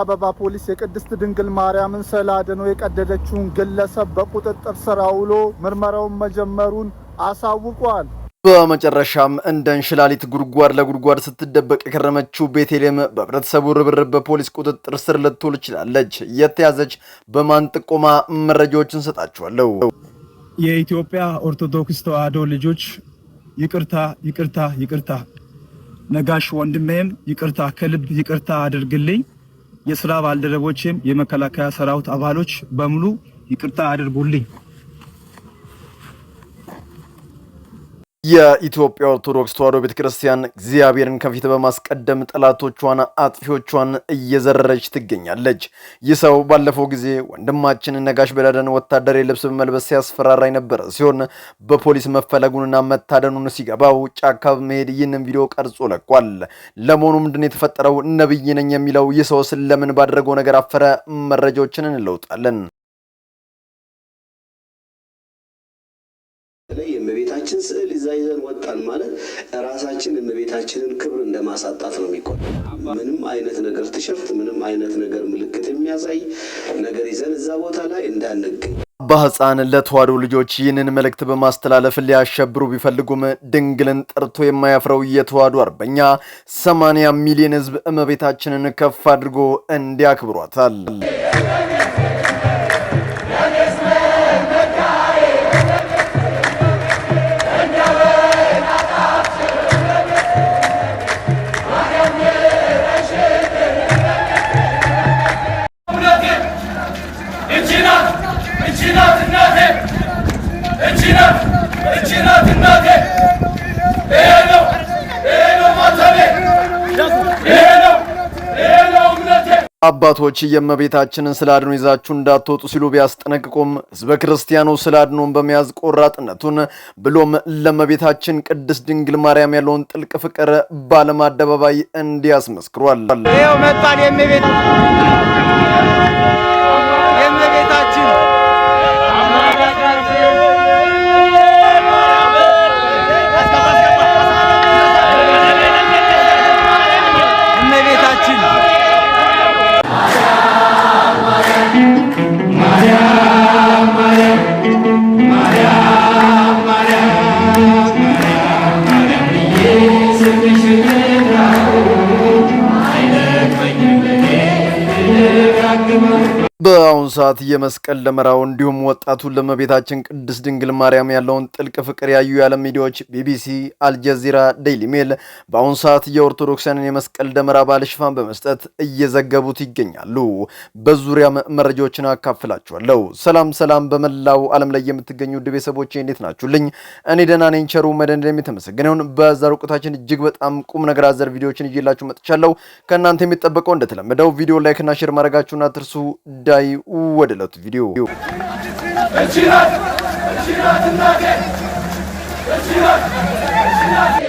አበባ ፖሊስ የቅድስት ድንግል ማርያምን ስዕል አድኖ የቀደደችውን ግለሰብ በቁጥጥር ስር አውሎ ምርመራውን መጀመሩን አሳውቋል። በመጨረሻም እንደ እንሽላሊት ጉድጓድ ለጉድጓድ ስትደበቅ የከረመችው ቤቴሌም በህብረተሰቡ ርብርብ በፖሊስ ቁጥጥር ስር ልትውል ችላለች። የተያዘች በማን ጥቆማ መረጃዎችን እንሰጣችኋለሁ። የኢትዮጵያ ኦርቶዶክስ ተዋሕዶ ልጆች ይቅርታ፣ ይቅርታ፣ ይቅርታ። ነጋሽ ወንድሜም ይቅርታ፣ ከልብ ይቅርታ አድርግልኝ። የስራ ባልደረቦችም የመከላከያ ሰራዊት አባሎች በሙሉ ይቅርታ አድርጉልኝ። የኢትዮጵያ ኦርቶዶክስ ተዋሕዶ ቤተ ክርስቲያን እግዚአብሔርን ከፊት በማስቀደም ጠላቶቿን፣ አጥፊዎቿን እየዘረረች ትገኛለች። ይህ ሰው ባለፈው ጊዜ ወንድማችን ነጋሽ በዳደን ወታደር ልብስ በመልበስ ሲያስፈራራ የነበረ ሲሆን በፖሊስ መፈለጉንና መታደኑን ሲገባው ጫካ በመሄድ ይህንን ቪዲዮ ቀርጾ ለቋል። ለመሆኑ ምንድን የተፈጠረው? ነብይ ነኝ የሚለው ይህ ሰውስ ለምን ባደረገው ነገር አፈረ? መረጃዎችን እንለውጣለን። የእመቤታችን ስዕል ይዛ ይዘን ወጣን ማለት ራሳችን እመቤታችንን ክብር እንደማሳጣት ነው የሚቆጠ ምንም አይነት ነገር ትሸፍት ምንም አይነት ነገር ምልክት የሚያሳይ ነገር ይዘን እዛ ቦታ ላይ እንዳንገኝ አባ ሕፃን ለተዋሕዶ ልጆች ይህንን መልእክት በማስተላለፍ ሊያሸብሩ ቢፈልጉም ድንግልን ጠርቶ የማያፍረው የተዋሕዶ አርበኛ 80 ሚሊዮን ሕዝብ እመቤታችንን ከፍ አድርጎ እንዲያክብሯታል። አባቶች የእመቤታችንን ስለ አድኖ ይዛችሁ እንዳትወጡ ሲሉ ቢያስጠነቅቁም ህዝበ ክርስቲያኑ ስለ አድኖን በመያዝ ቆራጥነቱን ብሎም ለእመቤታችን ቅድስት ድንግል ማርያም ያለውን ጥልቅ ፍቅር በዓለም አደባባይ እንዲያስመስክሯል። ይኸው መጣን የእመቤት በአሁኑ ሰዓት የመስቀል ደመራው እንዲሁም ወጣቱ ለመቤታችን ቅድስት ድንግል ማርያም ያለውን ጥልቅ ፍቅር ያዩ የዓለም ሚዲያዎች ቢቢሲ፣ አልጀዚራ፣ ዴይሊ ሜል በአሁኑ ሰዓት የኦርቶዶክሳንን የመስቀል ደመራ በዓል ሽፋን በመስጠት እየዘገቡት ይገኛሉ። በዙሪያ መረጃዎችን አካፍላችኋለሁ። ሰላም ሰላም፣ በመላው ዓለም ላይ የምትገኙ ውድ ቤተሰቦቼ እንዴት ናችሁልኝ? እኔ ደህና ነኝ። ቸሩ መደንደን የተመሰገነውን በዛሬው ቆይታችን እጅግ በጣም ቁም ነገር አዘር ቪዲዮዎችን እየላችሁ መጥቻለሁ። ከእናንተ የሚጠበቀው እንደተለመደው ቪዲዮ ላይክና ሼር ማድረጋችሁን አትርሱ። ዳይ ወደ ዕለቱ ቪዲዮ እናቴ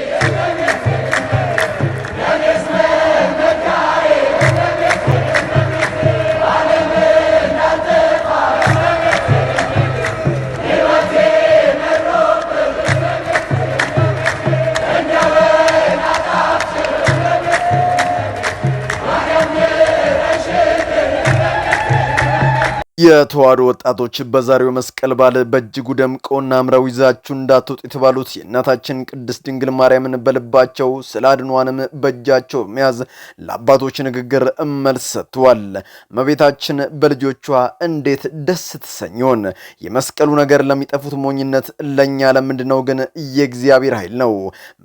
የተዋሕዶ ወጣቶች በዛሬው መስቀል በዓል በእጅጉ ደምቀውና አምረው ይዛችሁ እንዳትወጡ የተባሉት የእናታችን ቅድስት ድንግል ማርያምን በልባቸው ስለ አድኗንም በእጃቸው በመያዝ ለአባቶች ንግግር መልስ ሰጥተዋል። መቤታችን በልጆቿ እንዴት ደስ ትሰኝሆን የመስቀሉ ነገር ለሚጠፉት ሞኝነት፣ ለእኛ ለምንድነው ግን የእግዚአብሔር ኃይል ነው።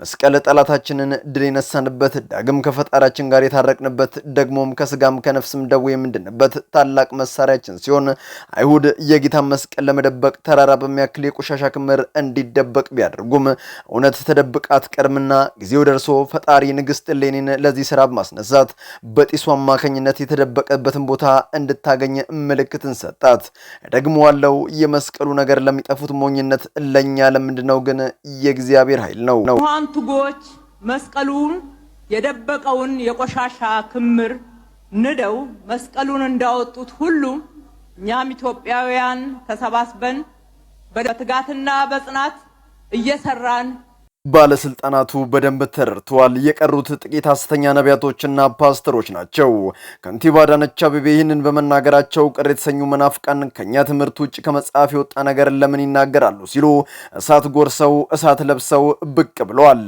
መስቀል ጠላታችንን ድል የነሳንበት፣ ዳግም ከፈጣሪያችን ጋር የታረቅንበት፣ ደግሞም ከስጋም ከነፍስም ደዌ የምንድንበት ታላቅ መሳሪያችን ሲሆን አይሁድ የጌታን መስቀል ለመደበቅ ተራራ በሚያክል የቆሻሻ ክምር እንዲደበቅ ቢያደርጉም እውነት ተደብቃ አትቀርምና ጊዜው ደርሶ ፈጣሪ ንግሥት ሌኒን ለዚህ ስራ በማስነሳት በጢሱ አማካኝነት የተደበቀበትን ቦታ እንድታገኝ ምልክትን ሰጣት። ደግሞ አለው የመስቀሉ ነገር ለሚጠፉት ሞኝነት ለኛ ለምንድነው ነው ግን የእግዚአብሔር ኃይል ነው። ውሃን መስቀሉን የደበቀውን የቆሻሻ ክምር ንደው መስቀሉን እንዳወጡት ሁሉም እኛም ኢትዮጵያውያን ተሰባስበን በትጋትና በጽናት እየሰራን ባለስልጣናቱ በደንብ ተረድተዋል። የቀሩት ጥቂት ሐሰተኛ ነቢያቶችና ፓስተሮች ናቸው። ከንቲባ አዳነች አቤቤ ይህንን በመናገራቸው ቅር የተሰኙ መናፍቃን ከእኛ ትምህርት ውጭ ከመጽሐፍ የወጣ ነገር ለምን ይናገራሉ ሲሉ እሳት ጎርሰው እሳት ለብሰው ብቅ ብለዋል።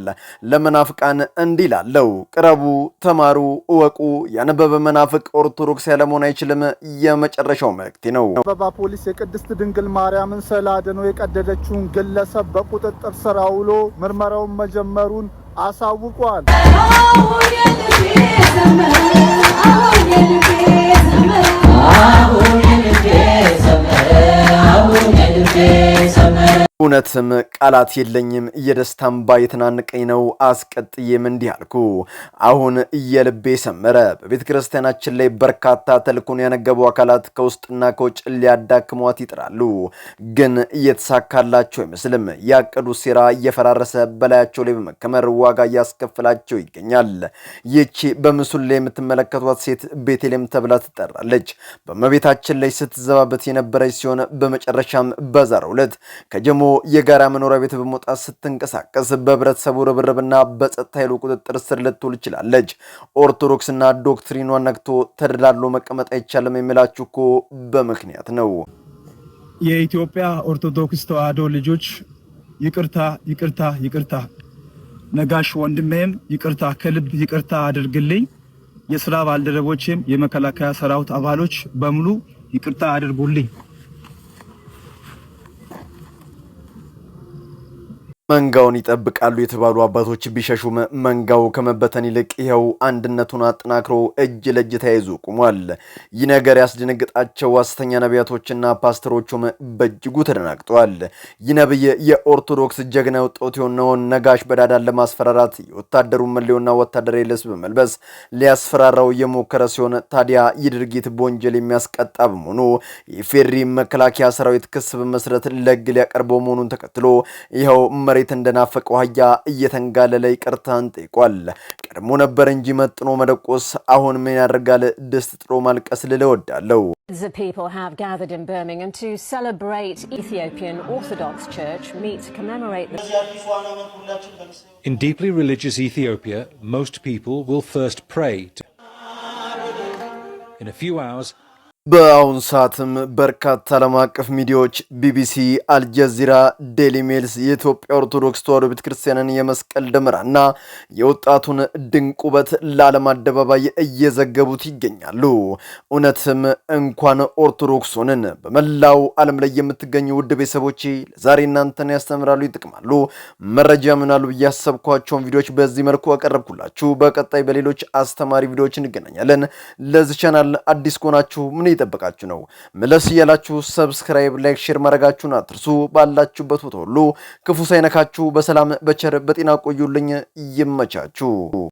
ለመናፍቃን እንዲህ ላለው ቅረቡ፣ ተማሩ፣ እወቁ። ያነበበ መናፍቅ ኦርቶዶክስ ያለመሆን አይችልም። የመጨረሻው መልእክቴ ነው። አበባ ፖሊስ የቅድስት ድንግል ማርያምን ስዕል አድኖ የቀደደችውን ግለሰብ በቁጥጥር ስር አውሎ ምርመ ምርመራውን መጀመሩን አሳውቋል። Yeah. እውነትም ቃላት የለኝም፣ የደስታም ባየተናንቀኝ ነው። አስቀጥዬም እንዲህ አልኩ፣ አሁን እየልቤ ሰመረ። በቤተ ክርስቲያናችን ላይ በርካታ ተልኮን ያነገቡ አካላት ከውስጥና ከውጭ ሊያዳክሟት ይጥራሉ፣ ግን እየተሳካላቸው አይመስልም። ያቀዱ ሴራ እየፈራረሰ በላያቸው ላይ በመከመር ዋጋ እያስከፍላቸው ይገኛል። ይቺ በምስሉ ላይ የምትመለከቷት ሴት ቤተልሔም ተብላ ትጠራለች። በመቤታችን ላይ ስትዘባበት የነበረች ሲሆን በመጨረሻም በዛሬው ዕለት ከጀሞ የጋራ መኖሪያ ቤት በመውጣት ስትንቀሳቀስ በህብረተሰቡ ርብርብና በጸጥታ ኃይሉ ቁጥጥር ስር ልትውል ችላለች። ኦርቶዶክስና ዶክትሪኗን ነግቶ ተደላሎ መቀመጥ አይቻልም የሚላችሁ እኮ በምክንያት ነው። የኢትዮጵያ ኦርቶዶክስ ተዋህዶ ልጆች ይቅርታ፣ ይቅርታ፣ ይቅርታ። ነጋሽ ወንድሜም ይቅርታ፣ ከልብ ይቅርታ አድርግልኝ። የስራ ባልደረቦችም የመከላከያ ሰራዊት አባሎች በሙሉ ይቅርታ አድርጉልኝ። መንጋውን ይጠብቃሉ የተባሉ አባቶች ቢሸሹም መንጋው ከመበተን ይልቅ ይኸው አንድነቱን አጠናክሮ እጅ ለእጅ ተያይዞ ቁሟል። ይህ ነገር ያስደነግጣቸው ሐሰተኛ ነቢያቶችና ፓስተሮቹም በእጅጉ ተደናግጠዋል። ይህ ነብይ የኦርቶዶክስ ጀግና ውጦት የሆነውን ነጋሽ በዳዳን ለማስፈራራት የወታደሩን መለዮና ወታደራዊ ልብስ በመልበስ ሊያስፈራራው የሞከረ ሲሆን ታዲያ ይህ ድርጊት በወንጀል የሚያስቀጣ በመሆኑ የፌሪ መከላከያ ሰራዊት ክስ በመስረት ለሕግ ሊያቀርበው መሆኑን ተከትሎ ይኸው መሬት እንደናፈቀው አህያ እየተንጋለለ ይቅርታን ጠይቋል። ቀድሞ ነበር እንጂ መጥኖ መደቆስ አሁን ምን ያደርጋል? ድስት ጥሎ ማልቀስ ልል እወዳለሁ። In deeply religious Ethiopia, most people will first pray to... In a few hours, በአሁን ሰዓትም በርካታ ዓለም አቀፍ ሚዲያዎች ቢቢሲ፣ አልጀዚራ፣ ዴሊ ሜልስ የኢትዮጵያ ኦርቶዶክስ ተዋሕዶ ቤተክርስቲያንን የመስቀል የመስቀል ደመራና የወጣቱን ድንቅ ውበት ለዓለም አደባባይ እየዘገቡት ይገኛሉ። እውነትም እንኳን ኦርቶዶክሱንን በመላው ዓለም ላይ የምትገኙ ውድ ቤተሰቦች ለዛሬ እናንተን ያስተምራሉ፣ ይጥቅማሉ፣ መረጃ ምናሉ ብዬ ያሰብኳቸውን ቪዲዮዎች በዚህ መልኩ አቀረብኩላችሁ። በቀጣይ በሌሎች አስተማሪ ቪዲዮዎች እንገናኛለን። ለዚህ ቻናል አዲስ ከሆናችሁ ምን እየጠበቃችሁ ነው? መለስ እያላችሁ ሰብስክራይብ፣ ላይክ፣ ሼር ማድረጋችሁን አትርሱ። ባላችሁበት ቦታ ሁሉ ክፉ ሳይነካችሁ በሰላም በቸር በጤና ቆዩልኝ። ይመቻችሁ።